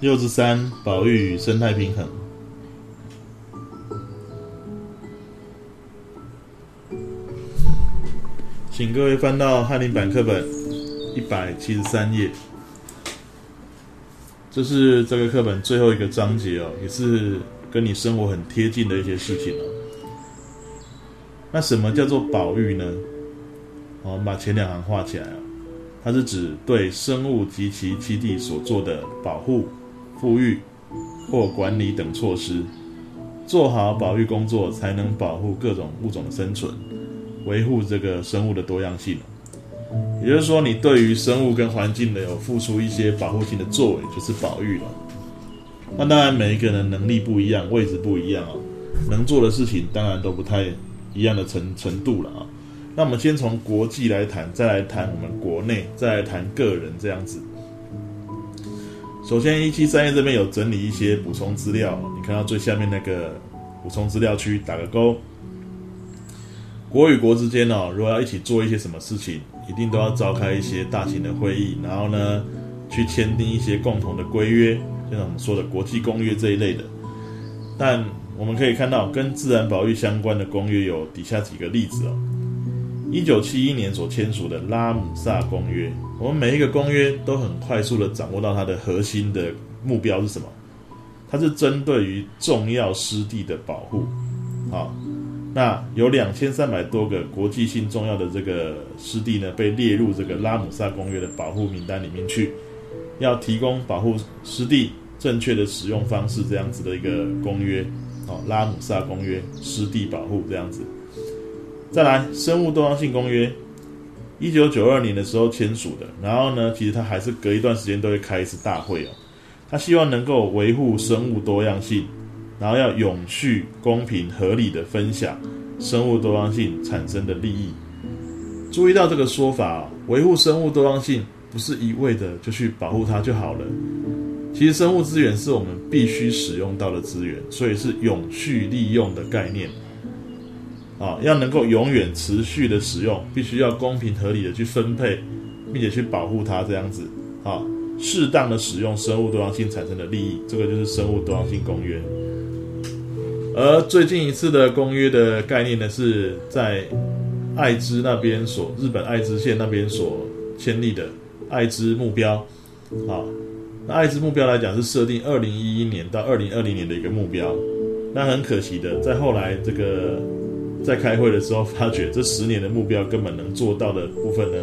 六十三，保育與生態平衡。請各位翻到翰林版課本一百七十三頁，這是這個課本最後一個章節哦，也是跟你生活很貼近的一些事情哦、啊。那什麼叫做保育呢？我、哦、們把前兩行畫起來、啊、它是指對生物及其棲地所做的保護、復育或管理等措施。做好保育工作，才能保護各種物種的生存，維護這個生物的多樣性。也就是說，你對於生物跟環境的有付出一些保護性的作為，就是保育了。那當然，每一個人能力不一樣，位置不一樣啊，能做的事情當然都不太一樣的程程度了啊。那我們先從國際來談，再來談我們國內，再來談個人這樣子。首先，173頁這邊有整理一些補充資料，你看到最下面那個補充資料區打個勾。國與國之間哦，如果要一起做一些什麼事情，一定都要召開一些大型的會議，然後呢，去簽訂一些共同的規約，就像我們說的國際公約這一類的。但我們可以看到，跟自然保育相關的公約有底下幾個例子哦。一九七一年所簽署的《拉姆薩公約》，我們每一個公約都很快速的掌握到它的核心的目標是什麼？它是針對於重要濕地的保護，好，那有兩千三百多個國際性重要的這個濕地呢，被列入這個《拉姆薩公約》的保護名單裡面去，要提供保護濕地正確的使用方式，這樣子的一個公約，好，《拉姆薩公約》濕地保護這樣子。再來，《生物多樣性公約》一九九二年的時候簽署的，然後呢，其實他還是隔一段時間都會開一次大會啊、哦。他希望能夠維護生物多樣性，然後要永續、公平、合理的分享生物多樣性產生的利益。注意到這個說法、哦，維護生物多樣性不是一味的就去保護它就好了。其實，生物資源是我們必須使用到的資源，所以是永續利用的概念。啊，要能夠永遠持續的使用，必須要公平合理的去分配，並且去保護它這樣子。啊，適當的使用生物多樣性產生的利益，這個就是生物多樣性公約。而最近一次的公約的概念呢，是在愛知那邊所，日本愛知縣那邊所簽立的愛知目標。好，啊，那愛知目標來講是設定二零一一年到二零二零年的一個目標。那很可惜的，在後來這個。在開會的時候，發覺這十年的目標根本能做到的部分呢，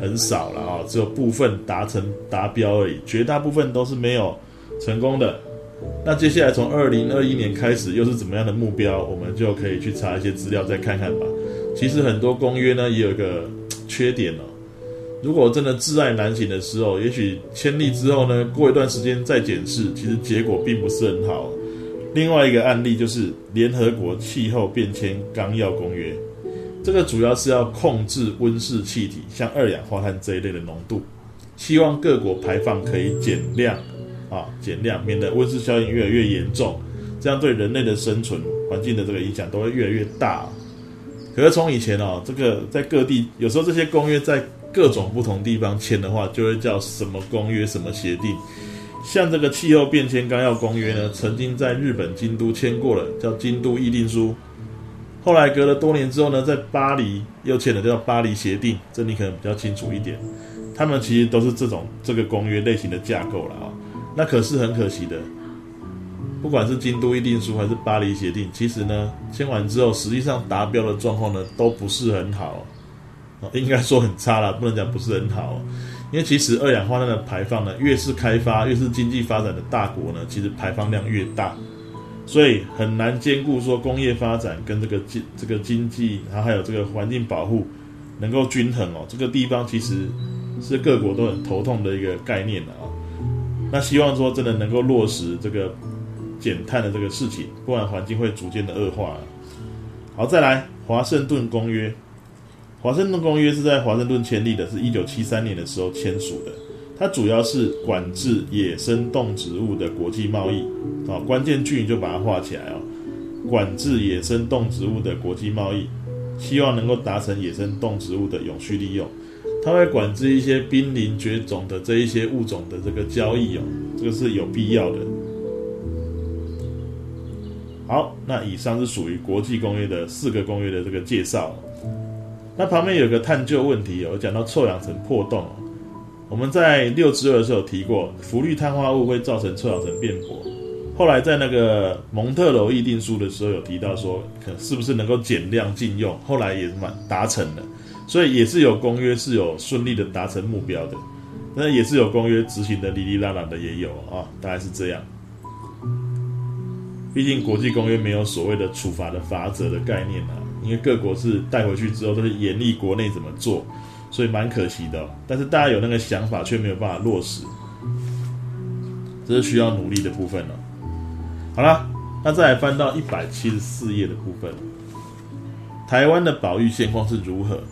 很少了啊、哦，只有部分達成達標而已，絕大部分都是沒有成功的。那接下來從二零二一年開始，又是怎麼樣的目標？我們就可以去查一些資料再看看吧。其實很多公約呢，也有一個缺點哦。如果真的窒礙難行的時候，也許簽立之後呢，過一段時間再檢視，其實結果並不是很好。另外一個案例就是《聯合國氣候變遷綱要公約》，這個主要是要控制溫室氣體，像二氧化碳這一類的濃度，希望各國排放可以減量，啊，減量，免得溫室效應越來越嚴重，這樣對人類的生存環境的這個影響都會越來越大。可是從以前啊，這個在各地有時候這些公約在各種不同地方簽的話，就會叫什麼公約、什麼協定。像這個氣候變遷綱要公約呢，曾經在日本京都簽過了，叫京都議定書。後來隔了多年之後呢，在巴黎又簽了，叫巴黎協定。這你可能比較清楚一點。他們其實都是這種這個公約類型的架構了啊、哦。那可是很可惜的，不管是京都議定書還是巴黎協定，其實呢，簽完之後，實際上達標的狀況呢，都不是很好。應該說很差了，不能講不是很好，喔，因為其實二氧化碳的排放呢，越是開發，越是經濟發展的大國呢，其實排放量越大，所以很難兼顧說工業發展跟這個經這個經濟，然後還有這個環境保護能夠均衡哦，喔。這個地方其實是各國都很頭痛的一個概念了，喔，啊。那希望說真的能夠落實這個減碳的這個事情，不然環境會逐漸的惡化，啊，好，再來《華盛頓公約》。華盛頓公約是在華盛頓簽立的，是一九七三年的時候簽署的。它主要是管制野生動植物的國際貿易，啊，關鍵句你就把它畫起來哦。管制野生動植物的國際貿易，希望能夠達成野生動植物的永續利用。它會管制一些瀕臨絕種的這一些物種的這個交易哦，這個是有必要的。好，那以上是屬於國際公約的四個公約的這個介紹。那旁邊有個探究問題哦，有講到臭氧層破洞哦，我們在六之二的時候有提過，氟氯碳化物會造成臭氧層變薄。後來在那個蒙特婁議定書的時候有提到說，可是不是能夠減量禁用？後來也蠻達成了，所以也是有公約是有順利的達成目標的。那也是有公約執行的，哩哩啦啦的也有、哦、啊，大概是這樣。畢竟國際公約沒有所謂的處罰的法則的概念啊。因為各國是帶回去之後都是嚴厲國內怎麼做，所以蠻可惜的哦。但是大家有那個想法，卻沒有辦法落實，這是需要努力的部分了哦。好了，那再來翻到一百七十四頁的部分，台灣的保育現況是如何？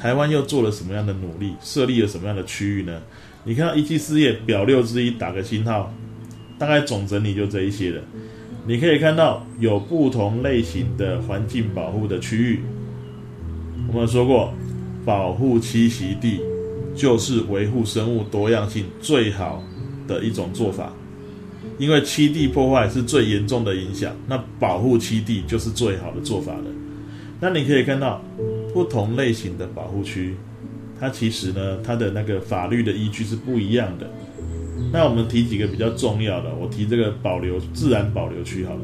台灣又做了什麼樣的努力？設立了什麼樣的區域呢？你看到一七四頁表六之一打個星號，大概總整理就這一些了。你可以看到有不同類型的環境保護的區域。我們說過，保護棲息地就是維護生物多樣性最好的一種做法，因為棲地破壞是最嚴重的影響。那保護棲地就是最好的做法了。那你可以看到不同類型的保護區，它其實呢，它的那個法律的依據是不一樣的。那我們提幾個比較重要的，我提這個保留自然保留區好了。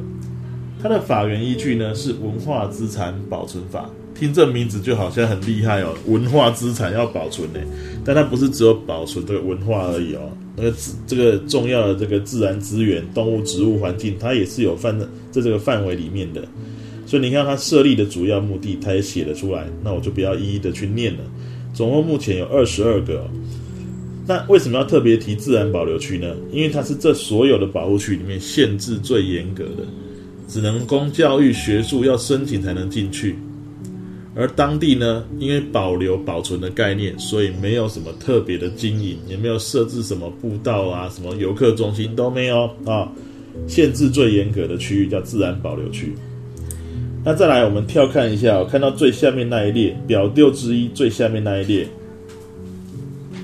它的法源依據呢，是《文化資產保存法》，聽這名字就好像很厲害哦，文化資產要保存呢，但它不是只有保存這個文化而已哦，那個這個重要的這個自然資源、動物、植物、環境，它也是有放在在這個範圍裡面的。所以你看它設立的主要目的，它也寫了出來。那我就不要一一的去念了。總共目前有二十二個哦。那為什麼要特別提自然保留區呢？因為它是這所有的保護區裡面限制最嚴格的，只能供教育學術，要申請才能進去。而當地呢，因為保留保存的概念，所以沒有什麼特別的經營，也沒有設置什麼步道啊，什麼遊客中心都沒有啊。限制最嚴格的區域叫自然保留區。那再來，我們跳看一下哦，看到最下面那一列，表六之一最下面那一列。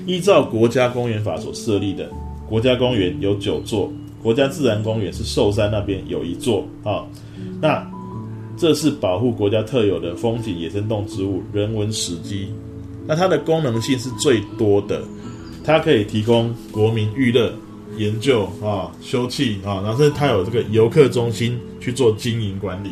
依照國家公園法所設立的國家公園有九座，國家自然公園是壽山那邊有一座啊。那這是保護國家特有的風景、野生動植物、人文史跡，那它的功能性是最多的，它可以提供國民娛樂、研究啊、休憩啊，然後它有這個遊客中心去做經營管理。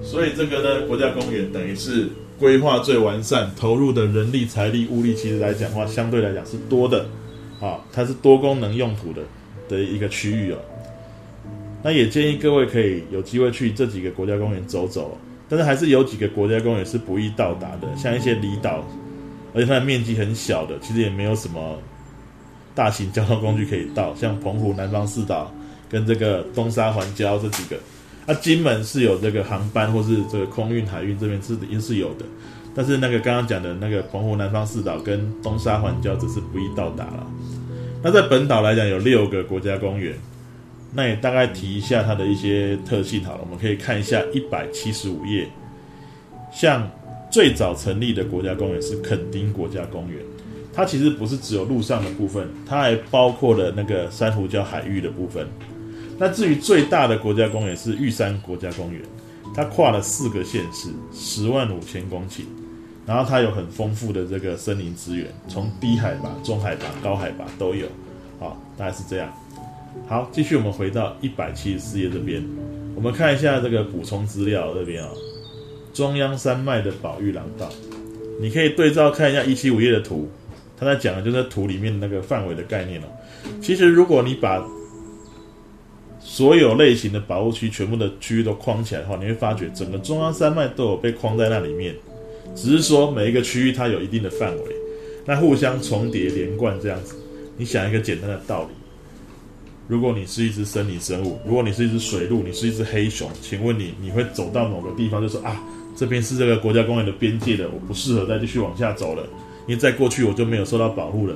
所以這個呢，國家公園等於是。規劃最完善，投入的人力、財力、物力，其實來講的話，相對來講是多的，啊、哦，它是多功能用途的的一個區域哦。那也建議各位可以有機會去這幾個國家公園走走，但是還是有幾個國家公園是不易到達的，像一些離島，而且它的面積很小的，其實也沒有什麼大型交通工具可以到，像澎湖南方四島跟這個東沙環礁這幾個。啊，金門是有這個航班，或是這個空運、海運這邊是應是有的。但是那個剛剛講的那個澎湖、南方四島跟東沙環礁，只是不易到達了。那在本島來講，有六個國家公園，那也大概提一下它的一些特性好了。我們可以看一下一百七十五頁，像最早成立的國家公園是墾丁國家公園，它其實不是只有陸上的部分，它還包括了那個珊瑚礁海域的部分。那至於最大的國家公園是玉山國家公園，它跨了四個縣市，十萬五千公頃，然後它有很豐富的這個森林資源，從低海拔、中海拔、高海拔都有，好、哦，大概是這樣。好，繼續我們回到一百七十四頁這邊，我們看一下這個補充資料這邊啊、哦，中央山脈的保育廊道，你可以對照看一下一七五頁的圖，他在講的就是圖裡面那個範圍的概念、哦、其實如果你把所有類型的保護區，全部的區域都框起來的話，你會發覺整個中央山脈都有被框在那裡面。只是說每一個區域它有一定的範圍，那互相重疊連貫這樣子。你想一個簡單的道理：如果你是一隻森林生物，如果你是一隻水鹿，你是一隻黑熊，請問你你會走到某個地方就說啊，這邊是這個國家公園的邊界的，我不適合再繼續往下走了，因為再過去我就沒有受到保護了。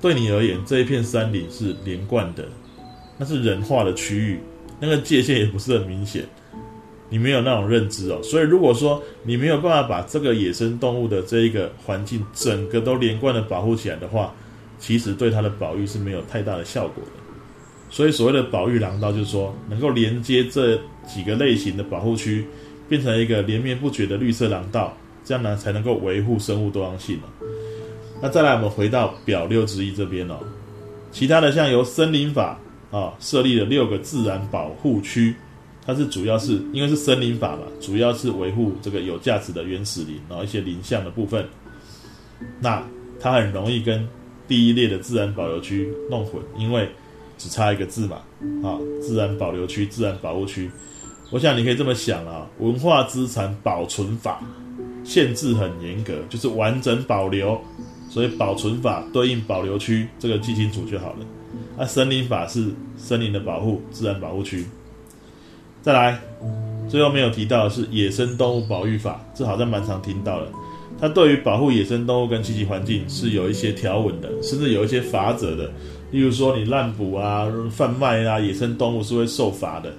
對你而言，這一片山林是連貫的。那是人化的區域，那個界限也不是很明顯，你沒有那種認知哦。所以如果說你沒有辦法把這個野生動物的這一個環境整個都連貫的保護起來的話，其實對它的保育是沒有太大的效果的。所以所謂的保育廊道，就是說能夠連接這幾個類型的保護區，變成一個連綿不絕的綠色廊道，這樣呢才能夠維護生物多樣性哦。那再來，我們回到表六之一這邊哦，其他的像由森林法，啊，設立了六個自然保護區，它是主要是因為是森林法嘛，主要是維護這個有價值的原始林，然後一些林相的部分。那它很容易跟第一列的自然保留區弄混，因為只差一個字嘛。啊，自然保留區、自然保護區，我想你可以這麼想啊，文化資產保存法限制很嚴格，就是完整保留，所以保存法對應保留區，這個記清楚就好了。那森林法是森林的保護，自然保護區。再來，最後沒有提到的是野生動物保育法，這好像蠻常聽到的。它對於保護野生動物跟棲息環境是有一些條文的，甚至有一些罰則的。例如說，你濫捕啊、販賣啊，野生動物是會受罰的。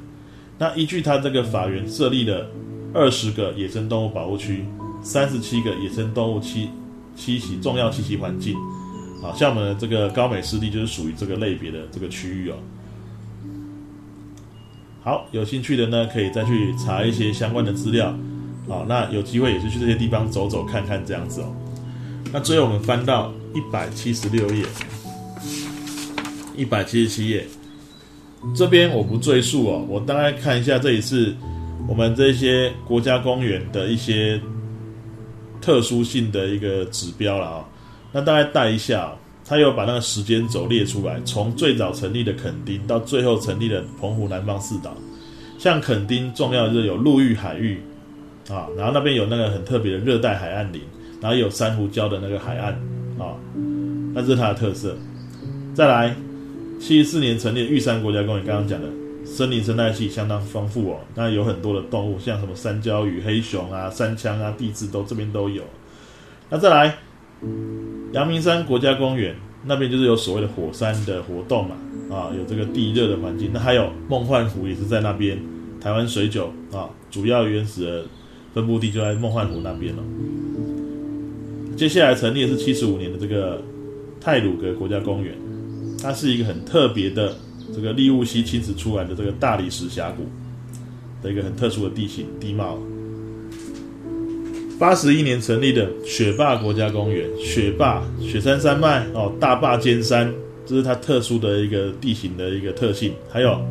那依據它這個法源，設立了二十個野生動物保護區，三十七個野生動物棲棲息重要棲息環境。好，像我們的這個高美濕地就是屬於這個類別的這個區域哦。好，有興趣的呢，可以再去查一些相關的資料。好，那有機會也是去這些地方走走看看這樣子哦。那最後我們翻到一百七十六頁，一百七十七頁，這邊我不贅述哦。我大概看一下，這裡是我們這些國家公園的一些特殊性的一個指標了啊。那大概帶一下、哦，他又把那個時間軸列出來，從最早成立的墾丁到最後成立的澎湖南方四島。像墾丁重要的就是有陸域海域，啊，然後那邊有那個很特別的熱帶海岸林，然後有珊瑚礁的那個海岸，啊，那這是它的特色。再來，七四年成立的玉山國家公園，剛剛講的森林生態系相當豐富哦，那有很多的動物，像什麼山椒魚、黑熊啊、山羌啊、地質都這邊都有。那再來。陽明山國家公園那邊就是有所謂的火山的活動嘛，啊，有這個地熱的環境。那還有夢幻湖也是在那邊，台灣水韭啊，主要原始的分布地就在夢幻湖那邊了、哦。接下來成立的是七十五年的這個太魯閣國家公園，它是一個很特別的這個立霧溪親自切出來的這個大理石峽谷的一個很特殊的地形地貌。八十一年成立的雪霸國家公園，雪霸雪山山脈哦，大霸尖山，這是它特殊的一個地形的一個特性。還有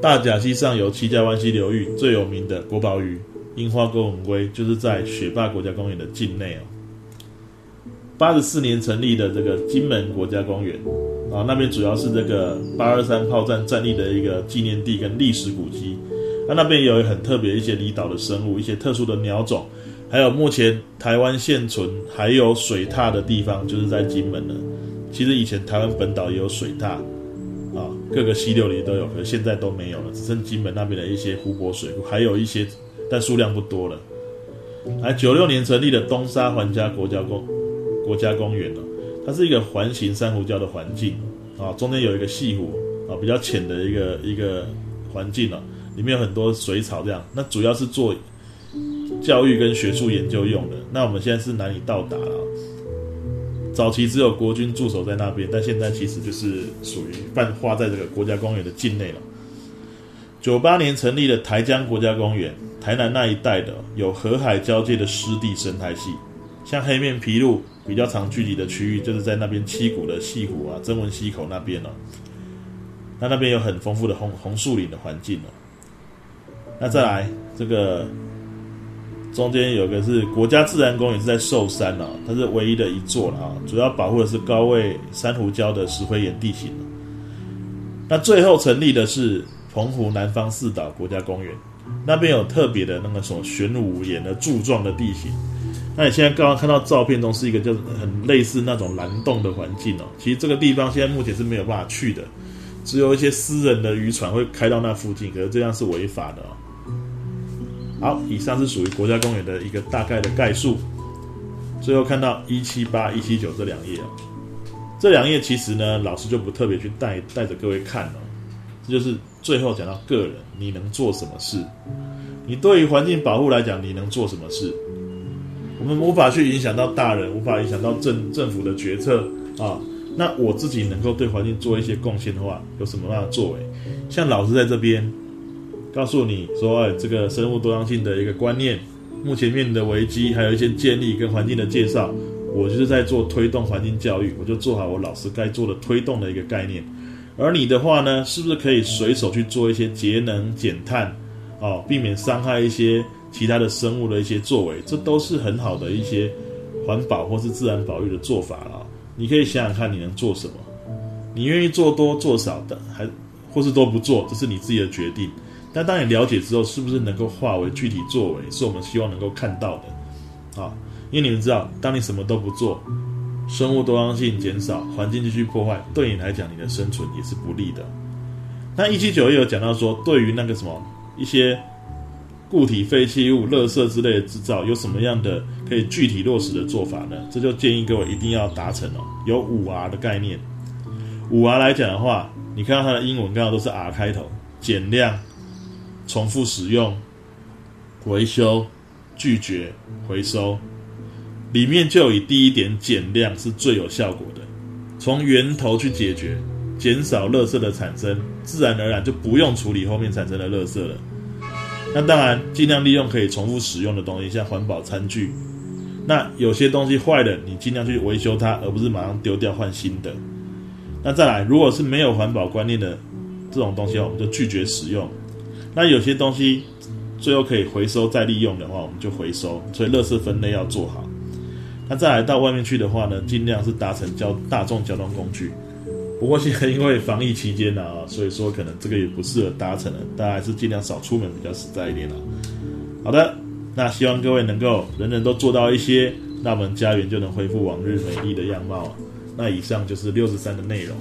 大甲溪上游七家灣溪流域最有名的國寶魚——櫻花鉤吻鮭就是在雪霸國家公園的境內哦。八十四年成立的這個金門國家公園啊，然後那邊主要是這個八二三炮戰戰力的一個紀念地跟歷史古蹟，那、啊、那邊也有很特別一些離島的生物，一些特殊的鳥種。還有目前台灣現存還有水獺的地方，就是在金門了。其實以前台灣本島也有水獺，啊，各個溪流裡都有，可是現在都沒有了，只剩金門那邊的一些湖泊水庫，還有一些，但數量不多了。還，九六年成立的東沙環礁國家公國家公園了，它是一個環形珊瑚礁的環境，啊，中間有一個潟湖，啊，比較淺的一個一個環境了，啊，裡面有很多水草這樣。那主要是做。教育跟學術研究用的，那我們現在是難以到達了。早期只有國軍駐守在那邊，但現在其實就是屬於泛花在這個國家公園的境內了。九八年成立了台江國家公園，台南那一帶的有河海交界的濕地生態系，像黑面琵鷺比較常聚集的區域，就是在那邊七股的潟湖啊、曾文溪口那邊哦。那那邊有很豐富的紅紅樹林的環境哦。那再來這個。中間有一個是國家自然公園，是在壽山哦，它是唯一的一座了啊。主要保護的是高位珊瑚礁的石灰岩地形。那最後成立的是澎湖南方四島國家公園，那邊有特別的那個什麼玄武岩的柱狀的地形。那你現在剛剛看到照片中是一個就很類似那種藍洞的環境哦。其實這個地方現在目前是沒有辦法去的，只有一些私人的漁船會開到那附近，可是這樣是違法的哦。好，以上是屬於國家公園的一個大概的概述。最後看到一七八、一七九這兩頁啊，這兩頁其實呢，老師就不特別去帶帶着各位看了哦。這就是最後講到個人，你能做什麼事？你對於環境保護來講，你能做什麼事？我們無法去影響到大人，無法影響到政政府的決策啊。那我自己能夠對環境做一些貢獻的話，有什麼樣的作為？像老師在這邊。告訴你說、哎，這個生物多樣性的一個觀念，目前面臨的危機，還有一些建立跟環境的介紹。我就是在做推動環境教育，我就做好我老師該做的推動的一個概念。而你的話呢，是不是可以隨手去做一些節能減碳，哦、避免傷害一些其他的生物的一些作為，這都是很好的一些環保或是自然保育的做法啊，你可以想想看，你能做什麼？你願意做多做少的，還或是都不做，這是你自己的決定。但當你了解之後，是不是能夠化為具體作為，是我們希望能夠看到的，啊，因為你們知道，當你什麼都不做，生物多樣性減少，環境繼續破壞，對你來講，你的生存也是不利的。那一七九一也有講到說，對於那個什麼一些固體廢棄物、垃圾之類的制造，有什麼樣的可以具體落實的做法呢？這就建議各位一定要達成哦。有五 R 的概念，五 R 來講的話，你看到它的英文剛好都是 R 開頭，減量。重複使用、維修、拒絕、回收，裡面就以第一點減量是最有效果的，從源頭去解決，減少垃圾的產生，自然而然就不用處理後面產生的垃圾了。那當然，盡量利用可以重複使用的東西，像環保餐具。那有些東西壞了，你盡量去維修它，而不是馬上丟掉換新的。那再來，如果是沒有環保觀念的這種東西，我們就拒絕使用。那有些東西最後可以回收再利用的話，我們就回收。所以，垃圾分類要做好。那再來到外面去的話呢，盡量是搭乘交大眾交通工具。不過現在因為防疫期間呢、啊，所以說可能這個也不適合搭乘了。大家還是盡量少出門比較實在一點、啊、好的，那希望各位能夠人人都做到一些，那我們家園就能恢復往日美麗的樣貌。那以上就是六十三的內容。